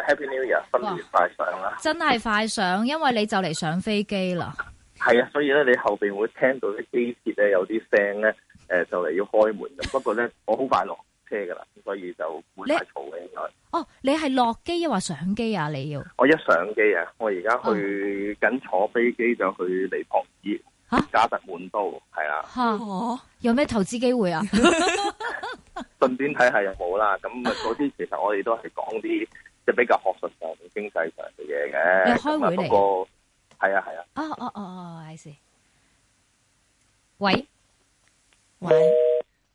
Happy New Year，新年快上啦！真係快上，因為你就嚟上飛機啦。係啊，所以咧，你後邊會聽到啲機鐵咧有啲聲咧，誒、呃，就嚟要開門。不過咧，我好快落車噶啦，所以就冇乜嘈嘅。哦，你係落機抑或上機啊？你要我一上機啊，我而家去緊坐飛機就去尼泊爾。啊、加特滿都係啊？吓，有咩投資機會啊？順 便睇下有冇啦。咁嗰啲其實我哋都係講啲。即係比較學術上同經濟上嘅嘢嘅，你開會嚟？係啊係啊。哦哦哦哦，I see。喂喂。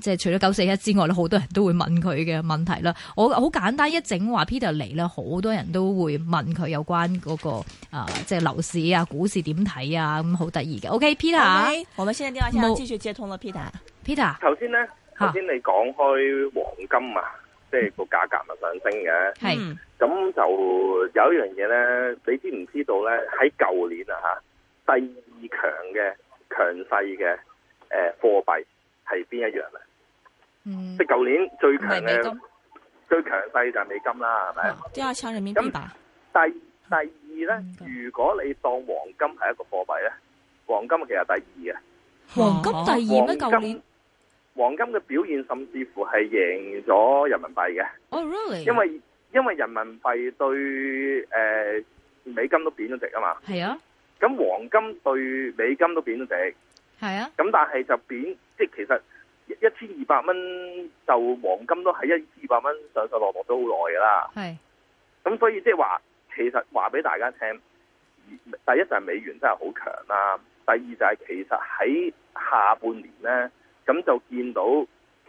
即係除咗九四一之外咧，好多人都會問佢嘅問題啦。我好簡單一整話，Peter 嚟咧，好多人都會問佢有關嗰、那個啊、呃，即係樓市啊、股市點睇啊，咁、okay, 好得意嘅。OK，Peter，我哋先電話先繼續接通啦，Peter。Peter，頭先咧，頭先你講開黃金啊，即係個價格咪上升嘅。係、嗯。咁就有一樣嘢咧，你知唔知道咧？喺舊年啊嚇，第二強嘅強勢嘅誒貨幣。呃係邊一樣咧？嗯、即係舊年最強嘅最強勢就係美金啦，係咪？第二強人民幣吧。第第二咧，嗯、如果你當黃金係一個貨幣咧，黃金其實是第二嘅。黃金第二咩？舊年黃金嘅表現甚至乎係贏咗人民幣嘅。哦、oh, really？因為因為人民幣對誒、呃、美金都貶咗值啊嘛。係啊。咁黃金對美金都貶咗值。係啊。咁但係就貶。即係其實一千二百蚊就黃金都喺一千二百蚊上上落落都好耐噶啦。係是，咁所以即係話，其實話俾大家聽，第一就係美元真係好強啦。第二就係其實喺下半年咧，咁就見到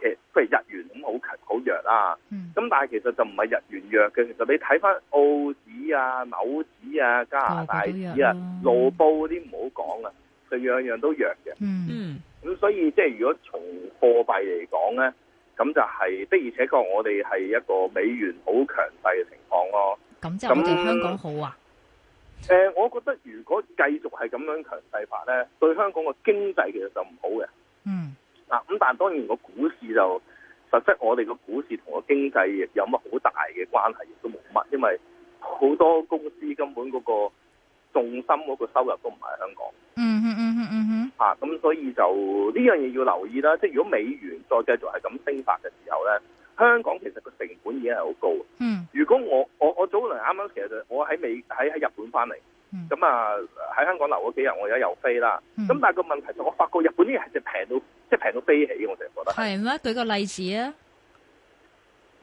其實譬如日元咁好強好弱啦，啊。咁、嗯、但係其實就唔係日元弱嘅。其實你睇翻澳紙啊、紐紙啊、加拿大紙啊、盧布嗰啲唔好講啊，佢樣、嗯、樣都弱嘅。嗯。嗯咁所以，即係如果從貨幣嚟講咧，咁就係的，而且確我哋係一個美元好強勢嘅情況咯。咁就係對香港好啊？誒、呃，我覺得如果繼續係咁樣強勢法咧，對香港嘅經濟其實就唔好嘅。嗯。嗱、啊，咁但係當然個股市就實質我哋個股市同個經濟有乜好大嘅關係亦都冇乜，因為好多公司根本嗰個重心嗰個收入都唔係香港。嗯嗯嗯。嗯嗯啊，咁所以就呢樣嘢要留意啦。即係如果美元再繼續係咁升法嘅時候咧，香港其實個成本已經係好高。嗯。如果我我我早輪啱啱其實我喺美喺喺日本翻嚟，咁、嗯、啊喺香港留咗幾日，我而家又飛啦。咁、嗯、但係個問題就是我發覺日本啲嘢係真係平到即係平到飛起，我就覺得。係咩？舉個例子啊。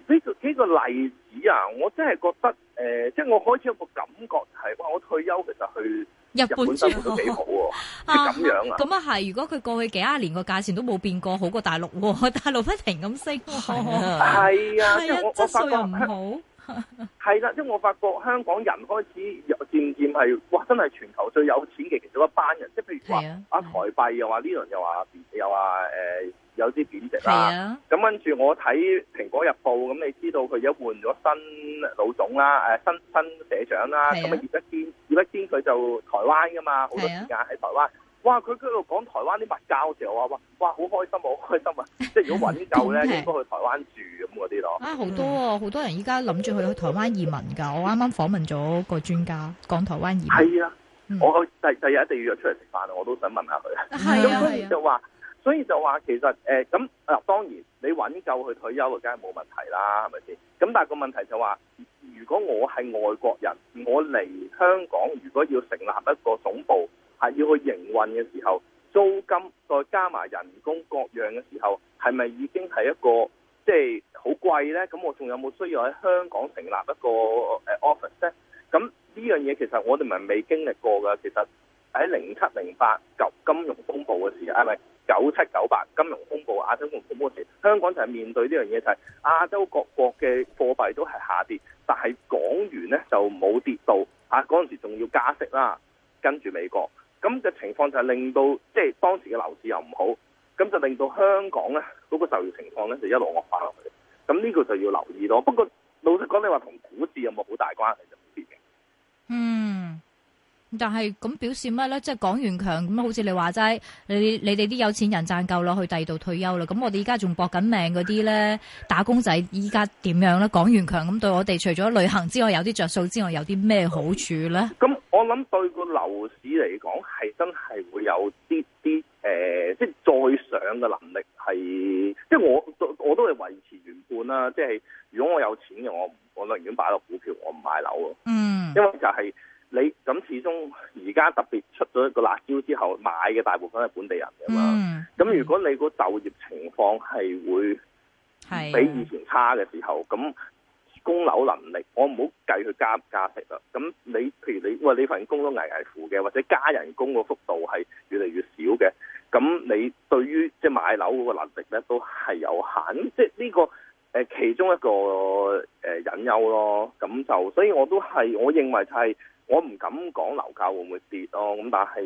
呢個、這個這個例子啊，我真係覺得誒、即、呃、係、就是、我開始有個感覺係，我退休其實去。日本住日本都幾好喎，咁樣啊！咁啊，係如果佢過去幾廿年個價錢都冇變過，好過大陸喎、啊。大陸不停咁升，係哇啊，質素又唔好。係啦， 因為我發覺香港人開始有漸漸係，哇！真係全球最有錢嘅其中一班人，即係譬如話啊，啊，啊台幣又話呢輪又話又話誒有啲貶值啦，啊，咁跟住我睇《蘋果日報》，咁你知道佢而家換咗新老總啦，誒新新社長啦，咁啊葉一堅，葉一堅佢就台灣噶嘛，好多時間喺台灣。哇！佢喺度講台灣啲物價嘅時候，哇哇哇好開心好開心啊！即係如果揾夠咧，應該去台灣住咁嗰啲咯。啊，好多啊，好、嗯、多人依家諗住去台灣移民㗎。我啱啱訪問咗個專家講台灣移民。係啊，嗯、我第第日一定要約出嚟食飯啊！我都想問下佢。係。咁所以就話，所以就話其實誒咁嗱，當然你揾夠去退休嘅，梗係冇問題啦，係咪先？咁但係個問題就話，如果我係外國人，我嚟香港，如果要成立一個總部。係要去營運嘅時候，租金再加埋人工各樣嘅時候，係咪已經係一個即係好貴呢？咁我仲有冇需要喺香港成立一個 office 呢？咁呢樣嘢其實我哋咪未經歷過嘅。其實喺零七零八及金融風暴嘅時候，係咪九七九八金融風暴、亞洲金融風暴時，香港就係面對呢樣嘢，就係亞洲各國嘅貨幣都係下跌，但係港元呢就冇跌到。嚇！嗰陣時仲要加息啦，跟住美國。咁嘅情況就係令到即係當時嘅樓市又唔好，咁就令到香港咧嗰、那個就業情況咧就一路惡化落去。咁呢個就要留意咯。不過，老實講，你話同股市有冇好大關係就唔知嘅。嗯，但係咁表示乜咧？即係港元強咁，好似你話齋，你你哋啲有錢人賺夠落去第二度退休啦。咁我哋而家仲搏緊命嗰啲咧，打工仔依家點樣咧？港元強咁對我哋除咗旅行之外有啲着數之外，有啲咩好處咧？咁、嗯嗯嗯我諗對個樓市嚟講，係真係會有啲啲誒，即係再上嘅能力係，即係我我都係維持原判啦。即係如果我有錢嘅我，我寧願擺落股票，我唔買樓咯。嗯，因為就係你咁，始終而家特別出咗一個辣椒之後，買嘅大部分係本地人噶嘛。咁、嗯、如果你個就業情況係會比以前差嘅時候，咁、啊。供樓能力，我唔好計佢加唔加息啦。咁你譬如你話你份工都危危乎嘅，或者加人工個幅度係越嚟越少嘅，咁你對於即係買樓嗰個能力咧都係有限，即係、這、呢個誒其中一個誒、呃、隱憂咯。咁就所以我都係，我認為就係、是、我唔敢講樓價會唔會跌咯。咁但係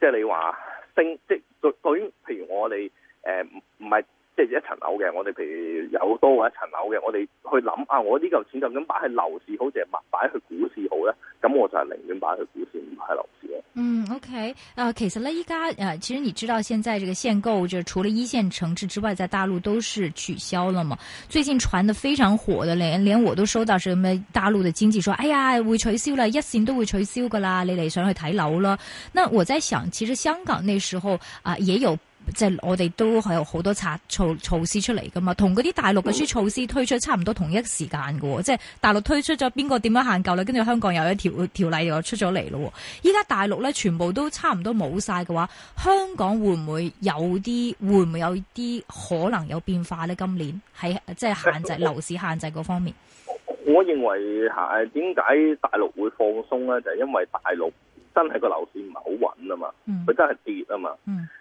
即係你話升，即係對對於譬如我哋誒唔唔係。呃即係一層樓嘅，我哋譬如有多嘅一層樓嘅，我哋去諗啊，我呢嚿錢究竟擺喺樓市好，定係擺喺佢股市好咧？咁我就係寧願擺喺股市唔係樓市嘅。嗯，OK，啊、呃，其實咧依家，啊、呃，其實你知道，現在這個限購，就除咗一線城市之外，在大陸都是取消了嘛。最近傳得非常火的，連連我都收到什麼大陸嘅經濟，說：哎呀，會取消啦，一線都會取消㗎喇，你嚟想去睇樓了。那我在想，其實香港那時候啊、呃，也有。即係我哋都係有好多策措措,措施出嚟噶嘛，同嗰啲大陸嘅啲措施推出差唔多同一時間噶，即係、嗯、大陸推出咗邊個點樣限購啦，跟住香港有一條條例又出咗嚟咯。依家大陸咧全部都差唔多冇晒嘅話，香港會唔會有啲會唔會有啲可能有變化呢？今年係即係限制樓我市限制嗰方面我，我認為點解大陸會放鬆呢？就係、因為大陸。真係個樓市唔係好穩啊、嗯、嘛，佢真係跌啊嘛。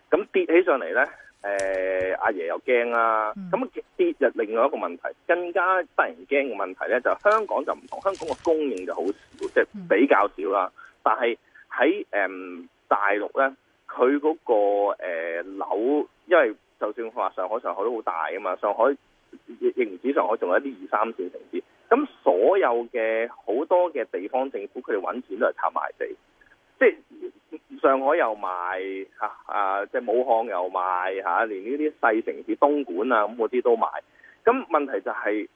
咁跌起上嚟咧，誒、欸、阿爺、爺又驚啦、啊。咁、嗯、跌又另外一個問題，更加突然驚嘅問題咧，就是、香港就唔同，香港個供應就好少，即、就、係、是、比較少啦。嗯、但係喺誒大陸咧，佢嗰、那個誒、呃、樓，因為就算話上海，上海都好大啊嘛。上海亦唔止上海，仲有一啲二三線城市。咁所有嘅好多嘅地方政府，佢哋揾錢都係拍賣地。即係上海又賣吓、啊，啊！即係武漢又賣吓、啊，連呢啲細城市東莞啊咁嗰啲都賣。咁問題就係、是、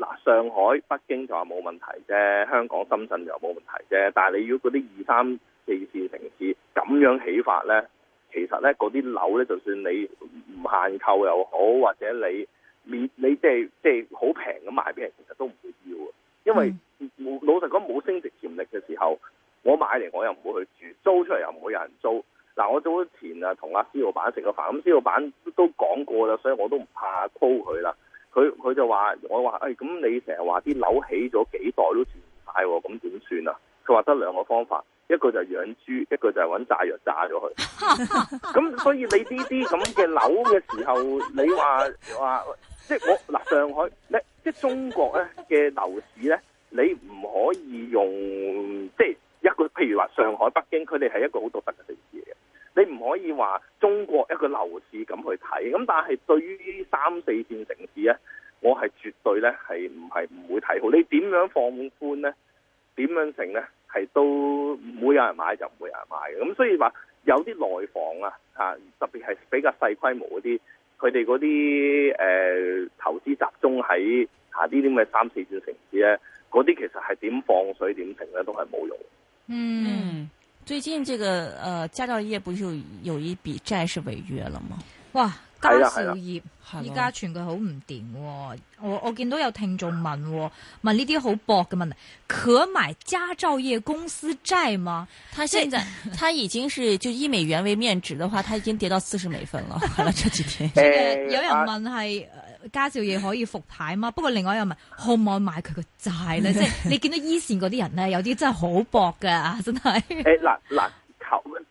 嗱，上海、北京就話冇問題啫，香港、深圳又冇問題啫。但係你要嗰啲二三、四線城市咁樣起發咧，其實咧嗰啲樓咧，就算你唔限購又好，或者你免你，你即係即係好平咁賣畀人，其實都唔會要啊。因為、嗯、老實講，冇升值潛力嘅時候。我買嚟，我又唔會去住，租出嚟又唔會有人租。嗱、啊，我早前啊同阿施老闆食個飯，咁施老闆都講過啦，所以我都唔怕 po 佢啦。佢，佢就話，我話，誒、哎，咁你成日話啲樓起咗幾代都住唔晒，咁點算啊？佢話，得兩個方法，一個就係養豬，一個就係揾炸藥炸咗佢。咁 所以你呢啲咁嘅樓嘅時候，你話話即係我嗱上海，即係中國咧嘅樓市咧，你唔可以用即係。譬如話上海、北京，佢哋係一個好獨特嘅城市嚟嘅，你唔可以話中國一個樓市咁去睇，咁但係對於三四線城市呢，我係絕對呢，係唔係唔會睇好。你點樣放寬呢？點樣成呢？係都唔會有人買就唔會有人買嘅。咁所以話有啲內房啊，嚇特別係比較細規模嗰啲，佢哋嗰啲誒投資集中喺嚇呢啲咁嘅三四線城市呢，嗰啲其實係點放水點成呢？都係冇用。嗯，最近這個呃，佳兆業不就有一筆債是違約了嗎？哇，佳兆業而家、哎、呀全佢好唔掂，哎、呀我我見到有聽眾問、哦，問呢啲好薄嘅問題，可買佳兆業公司債嗎？他現在他在已經是就以美元為面值的話，他已經跌到四十美分了。好了，這幾天， 這個有人問係。哎啊家少嘢可以復牌嘛？不過另外又問，可唔可以買佢嘅債咧？ 即係你見到依、e、線嗰啲人咧，有啲真係好搏嘅，真係。誒、欸，嗱嗱，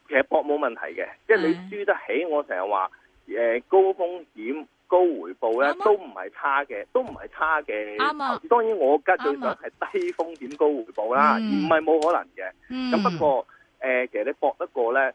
其實搏冇問題嘅，即係你輸得起。是的我成日話，誒，高風險高回報咧吧，都唔係差嘅，都唔係差嘅。啱啊。當然我家最想係低風險高回報啦，唔係冇可能嘅。咁、嗯、不過，誒、呃，其實你搏得過咧？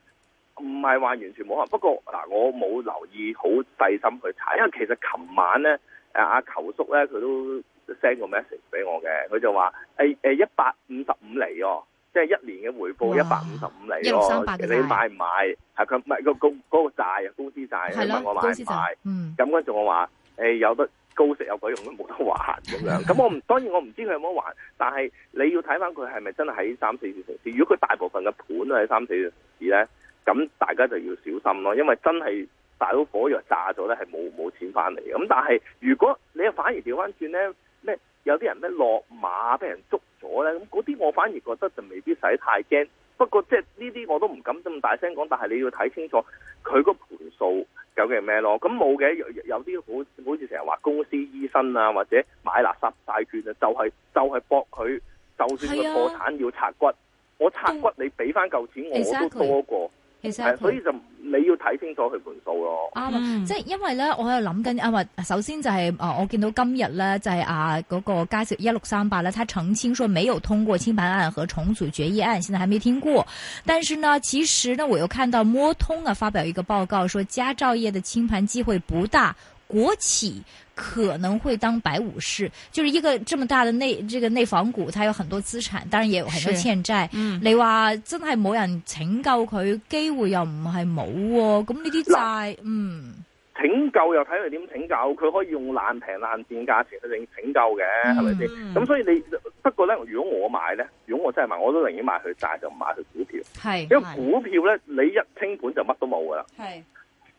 唔係話完全冇可能，不過嗱，我冇留意好細心去查，因為其實琴晚咧，誒阿球叔咧，佢都 send 個 message 俾我嘅，佢就話誒誒一百五十五厘喎，即係一年嘅回報一百五十五厘喎。哇」你買唔、哦、買？係佢唔係個公嗰、那個債啊，公司債，問我買唔買？咁跟住我話誒、欸、有得高息有鬼用都冇得還咁樣，咁 我唔，當然我唔知佢有冇得還，但係你要睇翻佢係咪真係喺三四線城市？如果佢大部分嘅盤都喺三四線城市咧。咁大家就要小心咯，因為真係大佬火藥炸咗咧，係冇冇錢翻嚟嘅。咁但係如果你又反而調翻轉咧，咩有啲人咧落馬俾人捉咗咧，咁嗰啲我反而覺得就未必使太驚。不過即係呢啲我都唔敢咁大聲講，但係你要睇清楚佢個盤數究竟係咩咯。咁冇嘅，有啲好好似成日話公司醫生啊，或者買垃圾債券，就是就是，啊，就係就係搏佢，就算佢破產要拆骨，我拆骨是你俾翻嚿錢我都多過。Exactly. 係 Exactly.、呃，所以就你要睇清楚佢盤數咯。啱、嗯，即係因為咧，我又諗緊啊，首先就係、是就是、啊，我見到今日咧就係啊嗰個佳兆業1638咧，他澄清說沒有通過清盤案和重組決議案，現在還沒聽過。但是呢，其實呢，我又看到摩通啊發表一個報告，說佳兆業的清盤機會不大。國企可能會當白武士，就係一個這麼大嘅內這個內房股，它有很多資產，當然也有很多欠債。嗯、你話真係冇人拯救佢，機會又唔係冇，咁呢啲債，來嗯，拯救又睇佢點拯救，佢可以用爛平爛賤價錢去拯拯救嘅，係咪先？咁、嗯、所以你不過咧，如果我買咧，如果我真係買，我都寧願買佢債，就唔買佢股票。係是，因為股票咧，的你一清盤就乜都冇噶啦。係。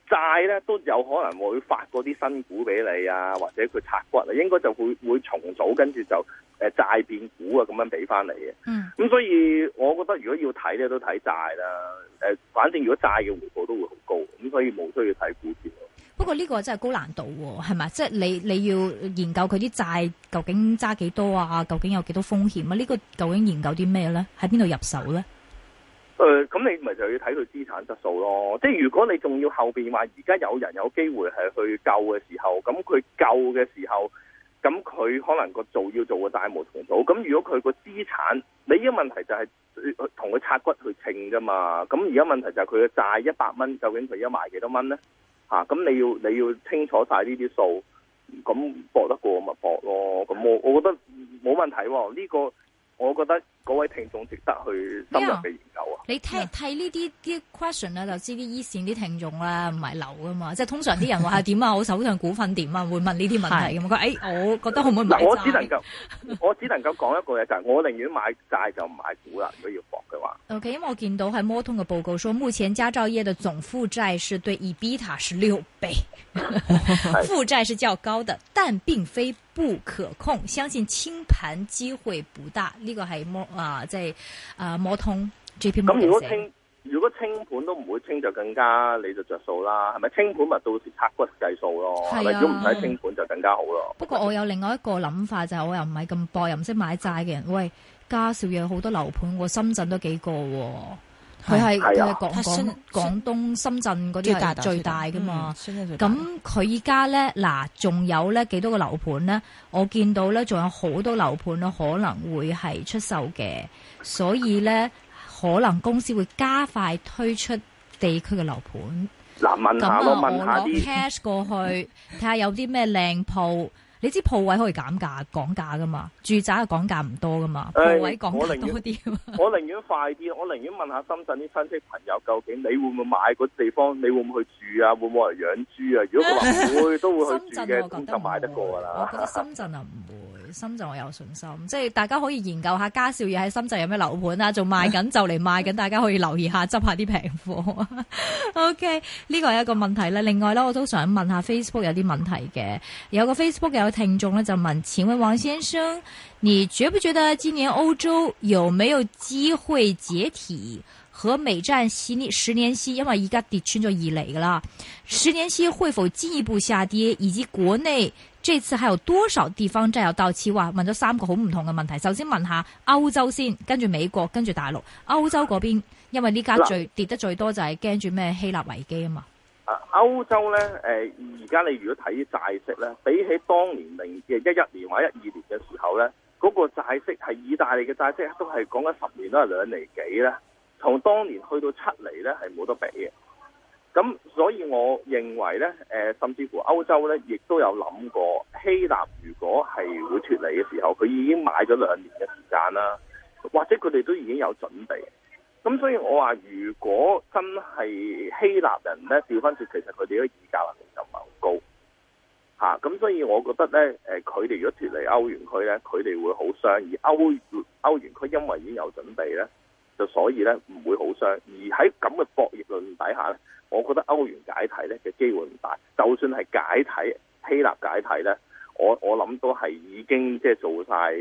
債咧都有可能會發嗰啲新股俾你啊，或者佢拆骨啊，應該就會會重組，跟住就誒債變股啊，咁樣俾翻你嘅。嗯、咁、嗯、所以我覺得如果要睇咧，都睇債啦。誒，反正如果債嘅回報都會好高，咁所以冇需要睇股票。不過呢個真係高難度、啊，係咪？即、就、係、是、你你要研究佢啲債究竟揸幾多啊？究竟有幾多風險啊？呢、這個究竟研究啲咩咧？喺邊度入手咧？誒，咁、呃、你咪就要睇佢資產質素咯。即係如果你仲要後面話而家有人有機會係去救嘅時候，咁佢救嘅時候，咁佢可能個做要做個債務重組。咁如果佢個資產，你依個問題就係同佢拆骨去稱啫嘛。咁而家問題就係佢嘅債一百蚊，究竟佢而家賣幾多蚊咧？嚇、啊，咁你要你要清楚晒呢啲數，咁搏得過咪搏咯。咁我我覺得冇問題喎。呢、這個我覺得嗰位聽眾值得去深入嘅研究、yeah. 你睇睇呢啲啲 question 就知啲一線啲聽眾啦，唔係流噶嘛。即係通常啲人話係點啊，我手上股份點啊，會問呢啲問題咁。佢誒、 哎，我覺得可唔可以買？我只能夠我只能夠講一個嘢就係，我寧願買債就唔買股啦。如果要博嘅話，OK。因為我見到喺摩通嘅報告說，目前佳兆業嘅總負債是對 EBITDA 是六倍，負債 是較高嘅，但並非不可控，相信清盤機會不大。呢、這個係摩啊，即係啊摩通。咁如果清如果清盤都唔會清，就更加你就着數啦，係咪清盤咪到時拆骨計數咯？係啊係咪，如果唔使清盤就更加好咯。不過我有另外一個諗法就係、係，我又唔係咁博，又唔識買債嘅人。喂，家少嘢好多樓盤喎，深圳都幾個喎，佢係佢係廣廣廣東深圳嗰啲最大嘅嘛。咁佢而家咧嗱，仲、嗯嗯、有咧幾多個樓盤咧？我見到咧，仲有好多樓盤咧可能會係出售嘅，所以咧。可能公司會加快推出地區嘅樓盤。嗱，問下、啊、問下我攞 cash 過去睇下 有啲咩靚鋪。你知鋪位可以減價講價噶嘛？住宅嘅講價唔多噶嘛，哎、鋪位講多啲。我寧願快啲，我寧願問下深圳啲親戚朋友，究竟你會唔會買個地方？你會唔會去住啊？會唔會嚟養豬啊？如果佢話會，都會去住嘅，咁就買得過噶啦。我覺得深圳啊，唔會，唔會。深圳我有信心，即係大家可以研究一下家少爺喺深圳有咩樓盤啊，仲賣緊就嚟賣緊，大家可以留意一下，執下啲平貨。 OK，呢個係一個問題啦。另外呢，我都想問一下 Facebook 有啲問題嘅，有個 Facebook 有聽眾呢，就問：請問王先生，你覺不覺得今年歐洲有沒有機會解體？和美債十年十年息，因為，而家跌穿咗二厘噶啦，十年息會否進一步下跌，以及國內？這次係由多少地方真係有多次話問咗三個好唔同嘅問題。首先問下歐洲先，跟住美國，跟住大陸。歐洲嗰邊因為呢家最了跌得最多就係驚住咩希臘危機啊嘛。啊，歐洲呢，誒，而家你如果睇債息呢，比起當年零嘅一一年或者一二年嘅時候呢，嗰、嗰個債息係意大利嘅債息都係講緊十年都係兩厘幾咧，同當年去到七厘呢，係冇得比嘅。咁所以我認為呢，誒，甚至乎歐洲呢，亦都有諗過希臘如果係會脱離嘅時候，佢已經買咗兩年嘅時間啦，或者佢哋都已經有準備。咁所以我話，如果真係希臘人呢，掉翻轉，其實佢哋嘅議價能力就唔係好高。吓，咁所以我覺得呢，誒，佢哋如果脱離歐元區呢，佢哋會好傷；而歐，歐元區因為已經有準備呢。就所以咧唔會好傷，而喺咁嘅博弈論底下咧，我覺得歐元解體咧嘅機會唔大。就算係解體希臘解體咧，我我諗都係已經了、呃、即係做晒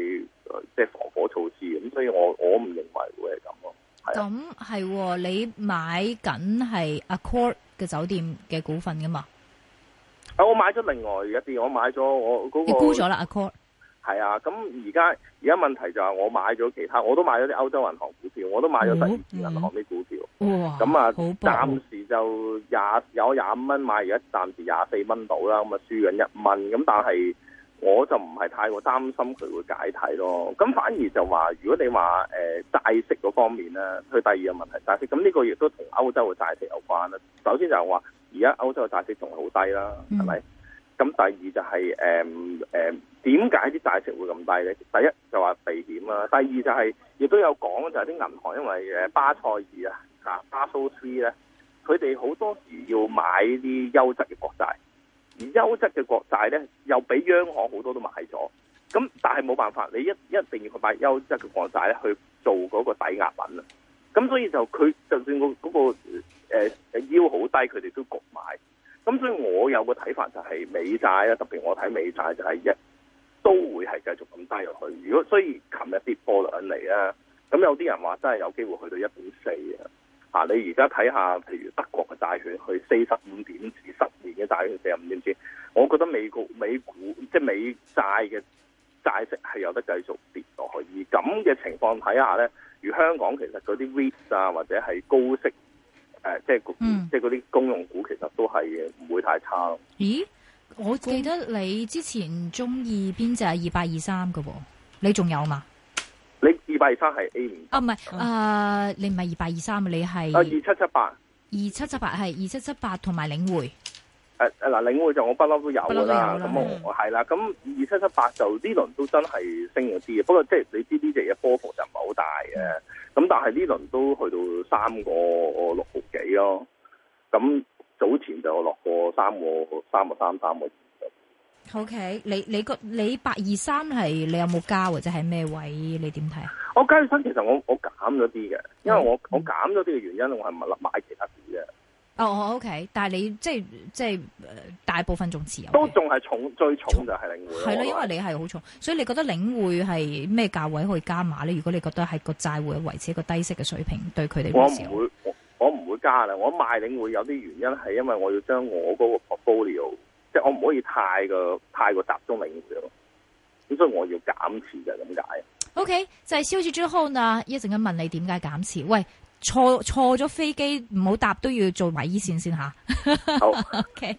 即係防火措施。咁所以我我唔認為會係咁咯。咁係、啊哦、你買緊係 Accor 嘅酒店嘅股份噶嘛？啊、哦，我買咗另外一啲，我買咗我嗰、那個沽咗啦 Accor。你係啊，咁而家而家問題就係我買咗其他，我都買咗啲歐洲銀行股票，我都買咗第二銀行啲股票。咁、嗯嗯、啊，暫時就廿有廿五蚊買，而家暫時廿四蚊到啦，咁啊輸緊一蚊。咁但係我就唔係太過擔心佢會解體咯。咁反而就話，如果你話誒、呃、債息嗰方面咧，佢第二個問題債息。咁呢個亦都同歐洲嘅債息有關啦。首先就係話，而家歐洲嘅債息仲係好低啦，係咪、嗯？咁第二就係、是呃呃點解啲債息會咁低呢？第一就話避險啦、啊，第二就係、是、亦都有講，就係啲銀行因為誒巴塞爾啊巴蘇三咧，佢哋好多時要買啲優質嘅國債，而優質嘅國債呢，又俾央行好多都買咗，咁但係冇辦法，你一一定要去買優質嘅國債咧，去做嗰個抵押品啦。咁所以就佢就算、嗰個嗰、嗰個誒、呃、腰好低，佢哋都焗買。咁所以我有個睇法就係美債啦，特別我睇美債就係一。都會係繼續咁低落去。如果所以跌破，琴日兩厘咧，咁有啲人話真係有機會去到一點四啊！你而家睇下，譬如德國嘅債券去四十五點至十年嘅債券四十五點二，我覺得美國美股即係美債嘅債息係有得繼續跌落去。以咁嘅情況睇下呢，如香港其實嗰啲 rate 啊，或者係高息誒，即係即係嗰啲公用股，其實都係唔會太差咯。咦？我記得你之前中意邊隻二八二三嘅，你仲有嘛、啊呃？你唔係二八二三係 A 五啊？唔係，誒，你唔係二八二三你係二七七八，二七七八係二七七八同埋領匯。誒誒，嗱，領匯就我不嬲都有啦，咁我係啦。咁二七七八就呢輪都真係升咗啲嘅。不過即係你知呢隻嘢波幅就唔係好大嘅。咁、嗯、但係呢輪都去到三個六毫幾咯。咁。早前就落過三個、三個三、三個二嘅。OK，你你個你八二三係你有冇加或者係咩位？你點睇？我加二三，其實我我減咗啲嘅，因為我、嗯、我減咗啲嘅原因，我係唔買其他啲嘅。哦，O K，但係你即係即係大部分仲持有，都仲係重，最重就係領匯。係咯重，因為你係好重，所以你覺得領匯係咩價位可以加碼咧？如果你覺得係個債會維持一個低息嘅水平，對佢哋會。加啦，我賣你會有啲原因，係因為我要將我嗰個 portfolio，即係我唔可以太過太過集中嚟嘅咯。咁所以我要減持，okay，就係咁解。O K，就係燒住之後呢！一陣間問你點解減持？喂，坐坐咗飛機唔好搭都要做埋醫線先吓。好、啊。O K。